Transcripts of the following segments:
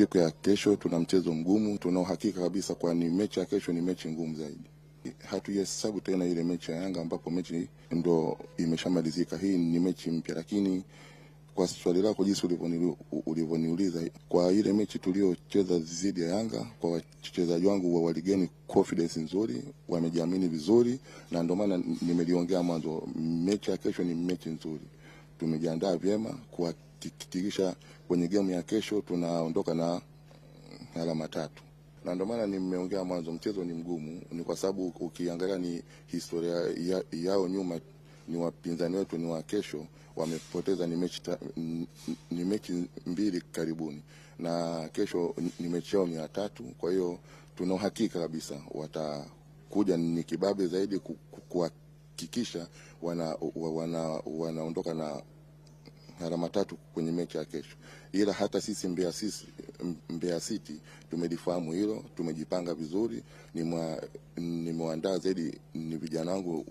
siku ya kesho tuna mchezo mgumu, tuna uhakika kabisa, kwani mechi ya kesho ni mechi ngumu zaidi. Hatujahesabu tena ile mechi ya Yanga ambapo mechi ndo imeshamalizika. Hii ni mechi mpya, lakini kwa swali lako jinsi ulivyoniuliza, kwa ile mechi tuliocheza dhidi ya Yanga, kwa wachezaji wangu wa waligeni confidence nzuri, wamejiamini vizuri, na ndio maana nimeliongea mwanzo, mechi ya kesho ni mechi nzuri. Tumejiandaa vyema kwa kuhakikisha kwenye game ya kesho tunaondoka mm, na alama tatu na ndio maana nimeongea mwanzo, mchezo ni mgumu, ni kwa sababu ukiangalia ni historia ya, yao nyuma, ni wapinzani wetu ni wa kesho, wamepoteza ni mechi ni mechi mbili karibuni, na kesho ni mechi yao ni ya tatu. Kwa hiyo tuna uhakika kabisa watakuja ni kibabe zaidi kuhakikisha wana, wana, wanaondoka na alama tatu kwenye mechi ya kesho, ila hata sisi Mbeya, sisi Mbeya City tumelifahamu hilo, tumejipanga vizuri. Nimewaandaa zaidi ni vijana wangu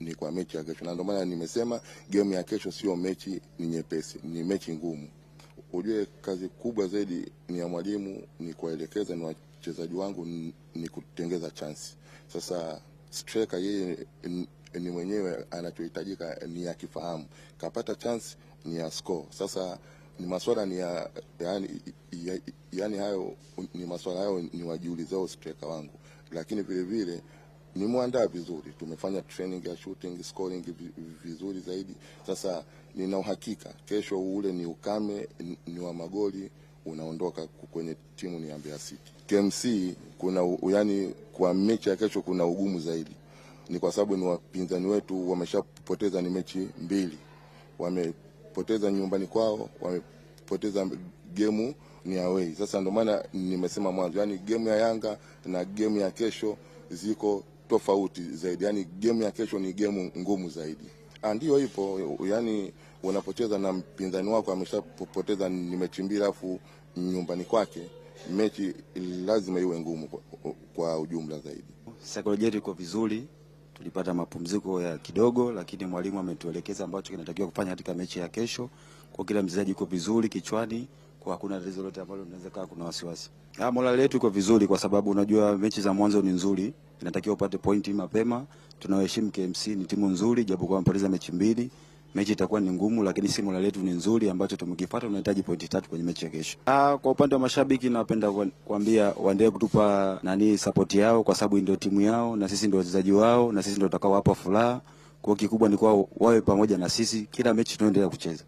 ni kwa mechi ya kesho, na ndio maana nimesema game ya kesho sio mechi ni nyepesi, ni mechi ngumu. Ujue kazi kubwa zaidi ni ya mwalimu, ni kuwaelekeza, ni wachezaji wangu, ni kutengeza chansi. Sasa striker yeye ni mwenyewe anachohitajika ni akifahamu kapata chance ni ya score. Sasa ni maswala ni ya yani, ya, ya, yani hayo ni maswala hayo ni wajiulizao striker wangu, lakini vile vile nimwandaa vizuri, tumefanya training ya shooting scoring vizuri zaidi. Sasa nina uhakika kesho ule ni ukame ni wa magoli unaondoka kwenye timu ni Mbeya City. KMC kuna yani, kwa mechi ya kesho kuna ugumu zaidi, ni kwa sababu ni wapinzani wetu wameshapoteza ni mechi mbili wame wamepoteza nyumbani kwao, wamepoteza gemu ni away. Sasa ndio maana nimesema mwanzo, yani gemu ya Yanga na gemu ya kesho ziko tofauti zaidi, yani gemu ya kesho ni gemu ngumu zaidi. Ah, Ndiyo ipo, yani unapocheza na mpinzani wako ameshapoteza ni mechi mbili, afu nyumbani kwake mechi lazima iwe ngumu kwa, kwa ujumla zaidi. Saikolojia yetu iko vizuri tulipata mapumziko ya kidogo, lakini mwalimu ametuelekeza ambacho kinatakiwa kufanya katika mechi ya kesho. Kwa kila mchezaji yuko vizuri kichwani, kwa hakuna tatizo lolote ambalo tunaweza kaa kuna wasiwasi. Ah, morale yetu iko vizuri kwa sababu unajua mechi za mwanzo ni nzuri, inatakiwa upate pointi mapema. Tunaoheshimu KMC, ni timu nzuri japo kwa mpoteza mechi mbili mechi itakuwa ni ngumu, lakini simu la letu ni nzuri, ambacho tumekipata tunahitaji pointi tatu kwenye mechi ya kesho. Ah, kwa upande wa mashabiki napenda kuambia waendelee kutupa nani support yao, kwa sababu ndio timu yao na sisi ndio wachezaji wao na sisi ndio wapa furaha. Kwa kikubwa ni kwa wawe pamoja na sisi kila mechi tunaendelea kucheza.